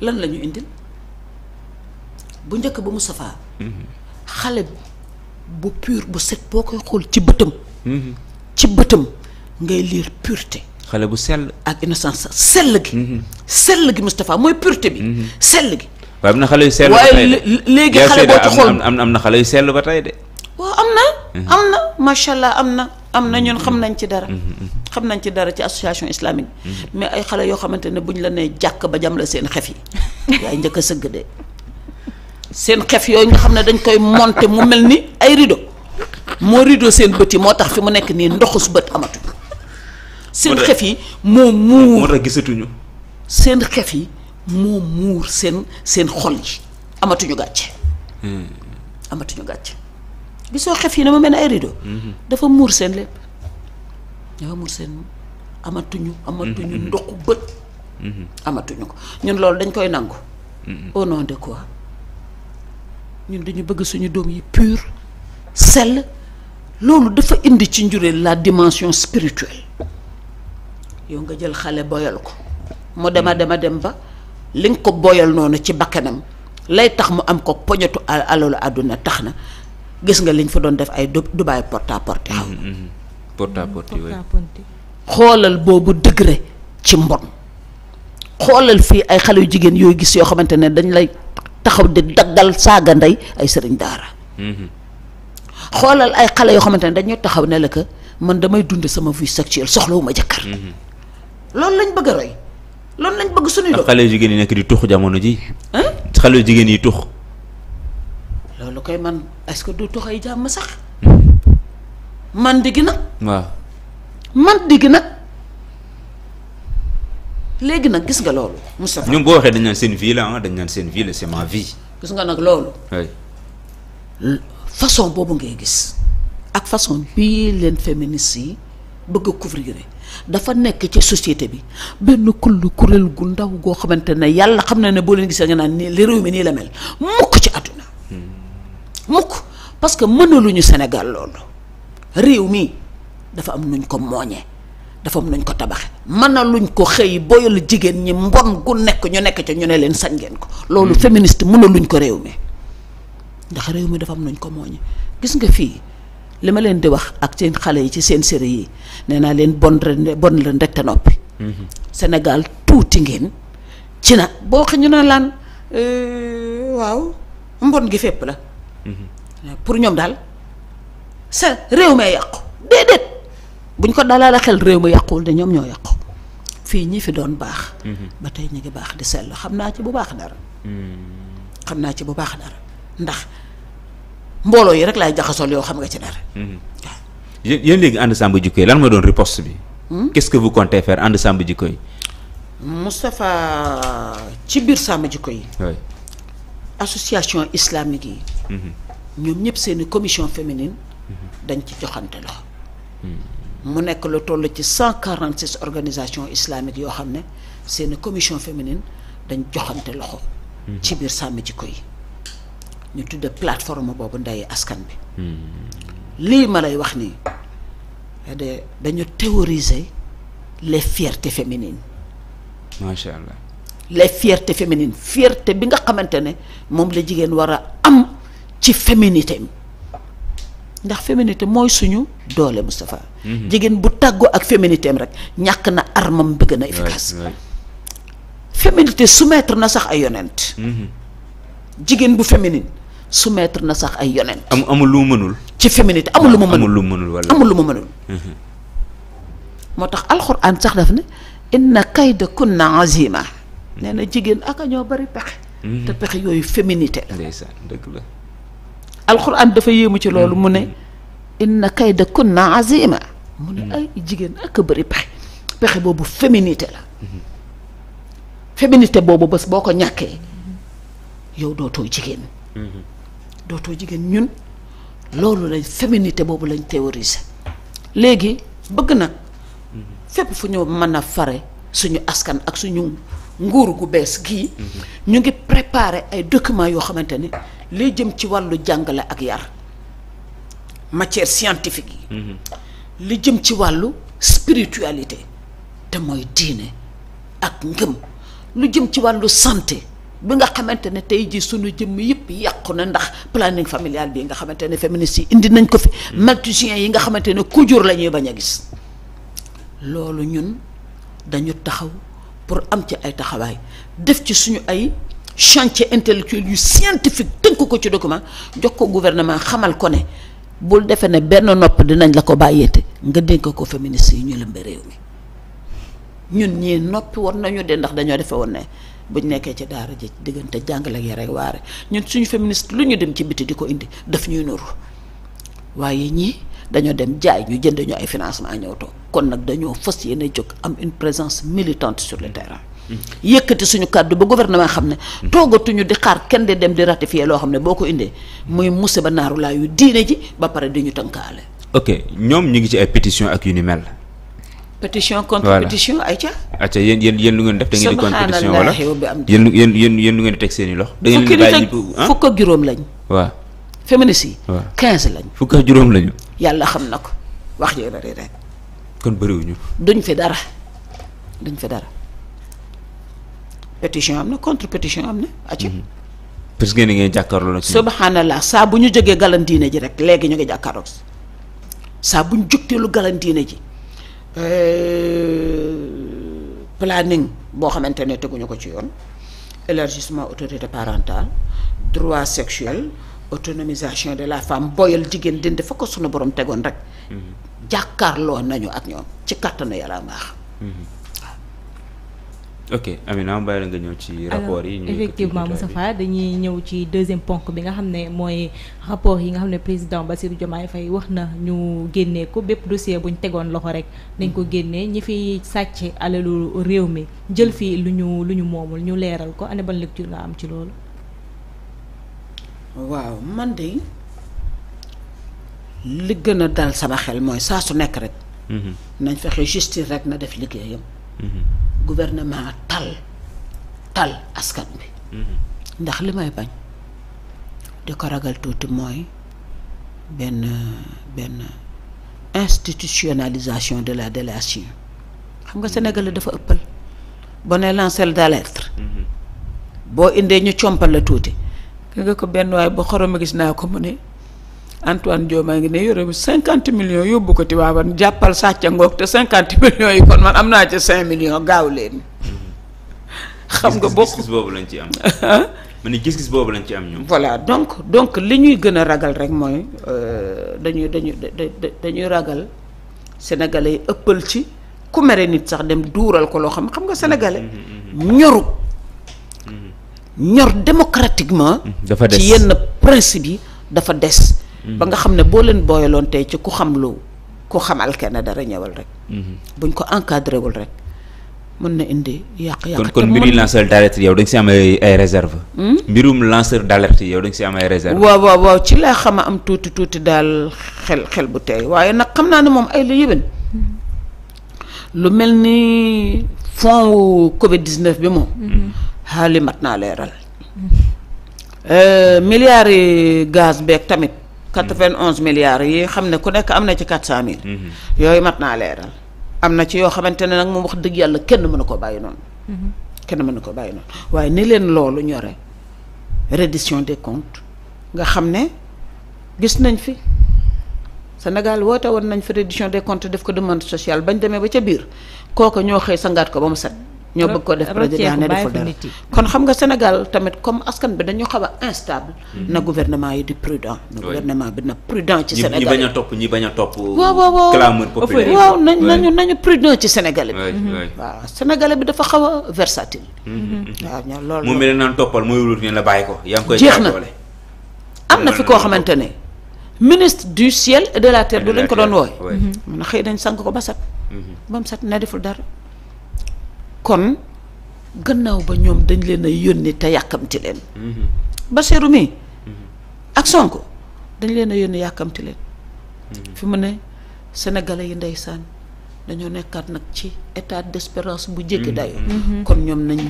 lan la ñu indil bu njëkk ba Moustapha mhm. xale bu pur bu set boo koy xool ci bëtam mhm. ci bëtam ngay liir pureté xale bu sell ak innocence sell gi mhm. sell gi Moustapha mooy pureté bi sell gi waaye am na xale yu sell waaye léegi xale boo ci xool am na am na xale yu sell ba tey de waaw am na am na macha allah am na am na ñoon xam nañ ci dara xam nañ ci dara ci association islamique mhm. mais ay xale yoo xamante ne bu ñu la nee jàkk ba jam la seen xef yi yaay njëkk a sëgg de seen xef yooyu nga xam ne dañ koy monter mu mel ni ay rido moo rido seen bët yi moo tax fi mu nekk nii ndoxus bët amatu seen xef yi moo muur moo seen xef yi moo muur seen seen xol yi amatuñu gàcce hmm. amatuñu gàcce gisoo xef yi dama mel ni ay rido hmm. dafa muur seen lépp ñoo mu seen amatuñu. Mm-hmm. amatuñu mm-hmm. ndoxu bët. Mm-hmm. amatuñu ko ñun loolu dañ koy nangu. au nom de quoi ñun dañu bëgg suñu doom yi pur sell loolu dafa indi ci njureel la dimension spirituelle yow nga jël xale boyal ko mu dema dema dem ba li nga ko boyal noonu ci bakkanam lay tax mu am ko poñetu alalu àdduna tax na gis nga liñ fa doon def ay Dubaay porte à porte xaw porte-à-porte xoolal boobu degré ci mbon xoolal fii ay xale yu jigéen yooy gis yoo xamante ne dañ lay taxaw di daggal saaga ndey ay sëriñ daara mhm. xoolal ay xale yoo xamante ne dañu taxaw ne la que man damay dund sama vie sexuelle soxlawuma jëkkër mhm. loolu lañ bëgg a roy loolu lañ bëgg suñuy doom xale yu jigéen yi nekk di tux jamono ji xale yu jigéen yi tux loolu koy man est du tux ay jàmm sax mhm. man digg nag. waaw man digg nag léegi nag gis nga loolu. Moustapha ñun boo waxee dañ naan seen vie la ah dañ naan seen vie la c'est ma vie. gis nga nag loolu. façon boobu ngay gis ak façon bii leen féministes yi bëgg a dafa nekk ci société bi benn kull kuréel gu ndaw goo xamante ne yàlla xam na ne boo leen gisee nga naan nii li réew mi nii la mel mukk ci àdduna hmm. mukk parce que mënaluñu Sénégal loolu. réew mi dafa am nuñ ko mooñee dafa am nuñ ko tabaxe mën a luñ ko xëy boyal jigéen ñi mbon gu nekk ñu nekk ca ñu ne leen sañ ngeen ko loolu hmm. féministe mën a luñ ko réew mi ndax réew mi dafa am nuñ ko mooñee gis nga fii li ma leen di wax ak seen xale yi ci seen série yi nee naa leen bon ren bon leen rek te noppi hmm. Sénégal tuuti ngeen ci na boo xam ñu ne laan euh, waaw mbon gi fépp la hmm. pour ñoom daal sa réew mee yàqu déedéet buñ ko dalal xel réew ma yàquwul de ñoom ñoo yàqu fii ñi fi doon baax. Mm-hmm. ba tey ñu ngi baax di sell xam naa ci bu baax dara. Mm-hmm. xam naa ci bu baax dara ndax mbooloo yi rek laay jaxasool yow xam nga ci dara. Mm-hmm. waaw léegi ànd Sàmm Jikko Yi lan mooy doon riposte bi. Hmm? qu'est-ce que vous comptez faire ànd Sàmm Jikko Yi. Moustapha ci biir Sàmm Jikko Yi. association islamique yi. ñoom ñëpp seeni commission féminine. dañ ci joxante loxo mu nekk lu toll ci cent quarante six organisations islamiques yoo xam ne seeni commission féminine dañ joxante loxo ci biir sàmm jikko yi ñu tudd plateforme boobu ndey askan bi lii ma lay wax nii de dañu théoriser les fiertés féminines macha allah les fiertés féminines fierté bi nga xamante ne moom la jigéen war a am ci féminité ndax féminité mooy suñu doole Moustapha. jigéen bu tàggoo ak féminité am rek ñàkk na armam bëgg na a efficace. féminité soumettre na sax ay yonent. Mm-hmm. jigéen bu su soumettre na sax ay yonent. am amul lu mu mënul. ci féminité amul lu mu mënul amul lu mu mënul wala amul lu mu mënul. moo tax alxuraan sax daf ne inna kayda kunna azima mm-hmm. nee na jigéen aka ñoo bari pexe. Mm-hmm. te pexe yooyu féminité la. ndeysaan dëgg la. alxuraan dafa yéemu ci loolu mu ne inna kayda kunna azima mu ne mm-hmm. ay jigéen ak a bëri pexe pexe boobu féminité la féminité boobu bés boo ko ñàkkee yow dootoo jigéen mm-hmm. dootoo jigéen ñun loolu lañ féminité boobu lañ théoriser léegi bëgg nag mm-hmm. fépp fu ñu mën a fare suñu askan ak suñu nguur gu bees gii ñu ngi préparer ay documents yoo xamante ni li jëm ci wàllu jàngale ak yar matière scientifique yi mhm. li jëm ci wàllu spiritualité te mooy diine ak ngëm lu jëm ci wàllu santé bi nga xamante ne tey jii sunu jëmm yëpp yàqu na ndax planning familial bi nga xamante ne féministes yi indi nañ ko fi mhm. malthusiens yi nga xamante ne ku jur la ñuy bañ a gis loolu ñun dañu taxaw pour am ci ay taxawaay def ci suñu ay chantier intellectuel yu scientifique tënk ko ci document jox ko gouvernement xamal ko ne bul defee ne benn nopp dinañ la ko bàyyeete nga dénk ko féministes yi ñu lëmbe réew mi ñun ñii noppi war nañu de ndax dañoo defe woon ne buñ nekkee ci daara ji diggante jàngale ak yar ak waare ñun suñu féministe lu ñu dem ci biti di ko indi daf ñuy nuru waaye ñii dañoo dem jaay ñu jënd ñu ay financement ñëw toog kon nag dañoo fas yéene jóg am une présence militante sur le terrain yëkkati suñu kàddu ba gouvernement xam ne toogatuñu di xaar kenn de dem di ratifier loo xam ne boo ko indee muy musiba naaru laa yu diine ji ba pare di ñu tënkaale ok ñoom ñu ngi ci ay pétition ak yu ni mel pétition contre pétition ay ca acca yéen yéen yéen lu ngeen def da ngeen di contre pétition wala yéen yéen yéen yéen lu ngeen di i lox da ngeen bàyyi ah? fukk ak juróom lañ waa féministes yi waaw quinze lañ fukk ak juróom lañu yàlla xam na ko wax ji bari rek kon bëriwuñu duñ fi dara duñ fi dara pétition am na contre pétition am na acca mhm. parce que ni ngay jàkkaarloo la subhanallah saa bu ñu jógee galandiine ji rek léegi ñu ngi jàkkaarloo saa bu ñu jógteelu galandiine ji euh, planning boo xamante ne teguñu ko ci yoon élargissement autorité parentale droit sexuel autonomisation de la femme boyal jigéen dindi fa ko sunu borom tegoon rek mhm. jàkkaarloo nañu ak ñoom ci kàttanu yàlla mbaax ok Amina bàyyi la nga ñëw ci rapport yi. effectivement Moustapha dañuy ñëw ci deuxième ponk bi nga xam ne mooy rapport yi nga xam ne président ba Bassirou Diomaye fay wax na ñu génnee ko bépp dossier bu tegoon loxo rek nañ ko mm. génnee ñi fi sàcc alalu réew mi jël fi lu ñu lu ñu moomul ñu leeral ko ana ban lecture nga am ci loolu. waaw man de li gën a dal sama xel mooy saa su nekk rek. Mm-hmm. nañ fexe justice rek na def liggéeyam. Mm-hmm. gouvernement tal tal askan bi mm-hmm. ndax li may bañ di ko ragal tuuti mooy benn benn institutionnalisation de la délation xam nga Sénégal dafa ëppal bone nee lanceur d'alerte mm-hmm. boo indee ñu compal la tuuti ki nga ko benn waaye bu xorom gis naa ko mu ne Antoine Diome a ngi ne yore 50 millions yóbbu ko Tivaouane jàppal sàcc ngoog te 50 millions yi kon man am naa ci 5 millions gaaw leen. Mhm. xam nga bokk gis lañ ci am. ma ne gis-gis boobu lañ ci am ñoom. voilà donc donc li ñuy gën a ragal rek mooy euh, dañuy dañuy dañuy ragal sénégalais yi ëppal ci ku mere nit sax dem duural ko loo xam xam nga sénégalais. Mhm, mhm, ñoru ñor démocratiquement. dafa des ci yenn principe yi dafa des. ba nga xam ne boo leen booyaloon tey ci ku xam lu ku xamal kenn dara ñëwal rek. Mhm. buñ ko encadré wul rek mën na indi yàq-yàq. te kon kon mbiru lanceur d' yow da nga si am ay réserve hmm? mbirum lanceur d' alerte yow da nga si am ay réserve waaw waaw waaw ci laa xam a am tuuti tuuti daal xel xel bu tey waaye nag xam naa ne moom ay lu yëbën lu mel ni fond wu Covid 19 bi moom. Hmm. xaalis mat naa leeral. Euh, milliards yi gaz beeg tamit. 91 milliards yi xam ne ku nekk am na ci 400000. Mhm. yooyu mat naa leeral. am na ci yoo xamante ne nag moom wax dëgg yàlla kenn mënu ko bàyyi noonu. Mhm. kenn mënu ko bàyyi noonu waaye ni leen loolu ñore reddition des comptes nga xam ne gis nañ fi Sénégal woote woon nañ fi reddition des comptes def ko demande sociale bañ demee ba ca biir kooka ñoo xëy sangaat ko ba mu set. ñoo bëgg ko def président ne deful dara kon xam nga Sénégal tamit comme askan bi dañu xaw a instable mm-hmm. na gouvernement yi di prudent na gouvernement bi na prudent ci Sénégal ñi bañ a topp ñi bañ a topp waaw waaw waaw na populaire waaw nañ nañu nañu prudent ci Sénégalais bi mm-hmm. waaw Sénégalais bi dafa xaw a versatile mm-hmm. waaw ñoo loolu moom mi leen naan toppal mooy wul ne la bàyyi ko yaa ngi koy jeex na am na fi koo xamante ne ministre du ciel et de la terre du lañ ko doon wooy mun a xëy dañ sànk ko ba sat ba mu sat ne deful dara kon gannaaw ba ñoom dañ leen a yónni te yàkkamti leen. Bassirou mi ak Sonko dañ leen a yónni yàkkamti leen. fi mu ne sénégalais yi ndeysaan dañoo nekkaat nag ci état d'espérance bu jéggi dayo mm-hmm. Mm-hmm. kon ñoom nañ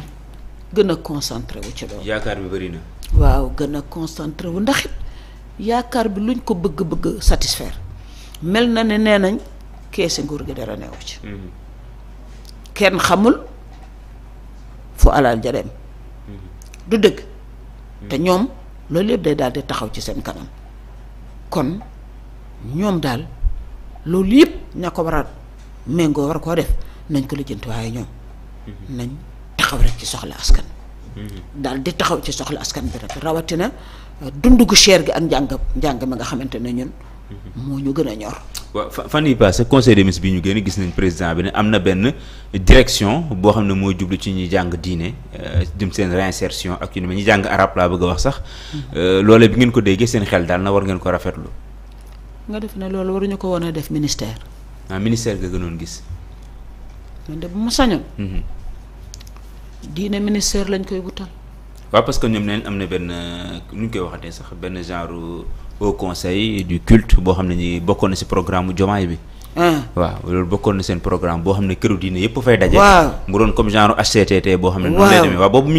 gën a concentré wu ci loolu. yaakaar bi bëri na. waaw gën a concentré wu ndax yaakaar bi luñ ko bëgg-bëgg satisfaire mel na ne nee nañ keesi nguur gi dara neewu ci. Mm-hmm. kenn xamul. fu alal jareem mm-hmm. du dëgg mm-hmm. te ñoom loolu yëpp day daal di taxaw ci seen kanam kon ñoom daal loolu yëpp ña ko war a méngoo war koo def nañ ko lijjanti waaye ñoom mm-hmm. nañ taxaw rek ci soxla askan daal di taxaw ci soxla askan bi rek rawatina dund gu cher gi ak njàng njàng mi nga xamante ne ñun moo ñu gën a ñor waaw fan yii passé conseil des ministres bi ñu génn gis nañ président bi ne am na benn direction boo xam ne moo jublu ci ñuy jàng diine jëm euh, seen réinsertion ak yu ne ñu jàng arab laa bëgg a wax sax euh, loole bi ngeen ko déggee seen xel daal na war ngeen ko rafetlu. nga def ne loolu waruñu ko woon def ministère. ah ministère nga gënoon gis. man de bu mu sañoon. Mhm. diine ministère lañ koy wutal. waaw parce que ñoom neen am na benn euh, nu ñu koy waxatee sax benn genre. au conseil du culte boo xam ne ni bokkoon na si programme mu jomaay bi. waaw loolu bokkoon seen programme boo xam ne këru diine yëpp fay daje. mu doon comme genre HCCT boo xam ne. noonu lay demee waaw ah. mhm.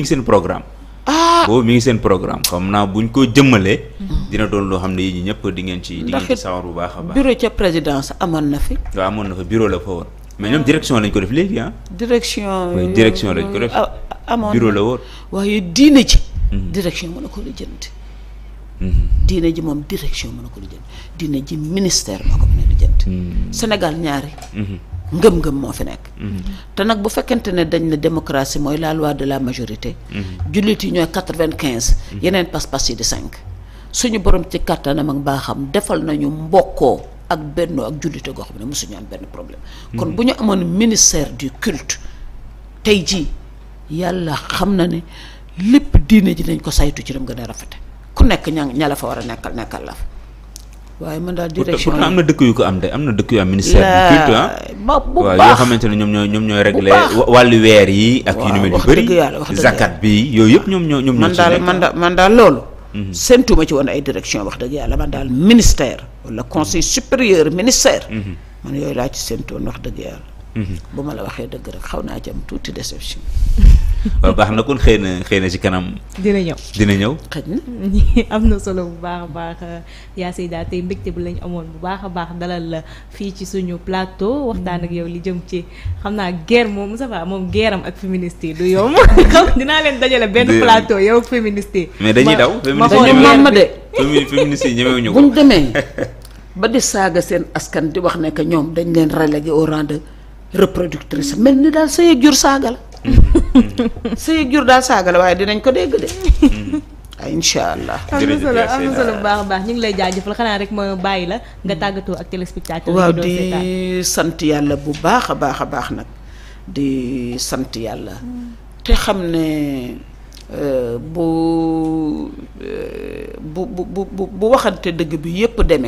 di ngeen ci di ngeen ci sawar bu baax a baax. bureau ca présidence amoon na fi. waaw amoon bureau la fa woon. mais ñoom ah. direction lañ ko def léegi ah. direction direction ko def. bureau la woon. waaye diine ci. Mhm. direction mën na ko la jënd. Mm-hmm. diine ji moom direction mën na ko lijjanti diine ji ministère moo ko mën a lijjanti mm-hmm. ñaari mm-hmm. ngëm-ngëm moo fi nekk te nag bu fekkente ne dañ ne démocratie mooy la loi de la majorité jullit yi ñooy quatre-vingt-quinze yeneen pas-pas yi di cinq suñu borom ci kàttanam ak baaxam defal nañu mbokkoo ak bennoo ak jullite goo xam ne mosuñu am benn problème kon bu ñu amoon ministère du culte tey jii yàlla xam na ne lépp diine ji nañ ko saytu ci lam gën a rafete ku nekk ña ñala la fa war a nekkal nekkal la waaye man daal direction am na dëkk yu ko am de am na dëkk yu am ministère du culte ah yoo xamante ne ñoom ñooy ñoom ñooy réglé wàllu weer yi ak yu ni mel yu bëri zakat bi yooyu yëpp ñoom ñoo ñoom ñoo ci man daal man daal loolu mhm. seentuma ci woon ay direction wax dëgg yàlla man daal ministère wala conseil supérieur ministère mhm. man yooyu laa ci seentu woon wax dëgg yàlla Mm-hmm. bu ma la waxee dëgg rek xaw naa ci am tuuti déception. waaw baax na kon xëy na xëy na ci kanam. dina ñëw dina ñëw. xëy na am na solo bu baax baax euh, yaa daal tey mbégte bi lañu amoon bu baax a baax dalal la fii ci suñu plateau waxtaan ak yow li jëm ci xam naa guerre moom Moussa moom guerre am ak féministe yi du yomb xam dinaa leen dajale benn plateau yow ak féministe yi. mais dañuy daw féministe yi ñemewuñu ko buñ demee ba di saaga seen askan di wax ne que ñoom dañ leen relégué au rang de reproductrice mel ni daal sëy ak jur saaga la sëy ak jur daal saaga la waaye dinañ ko dégg de mm-hmm. incha allah am na solo baax a baax ñu ngi lay jaajëfal xanaa rek moo bàyyi la nga tàggatoo ak téléspectateur waaw di sant yàlla bu baax a baax a baax nag di sant yàlla mm. te xam ne euh, euh, bu bu bu bu bu waxante dëgg bi yépp demee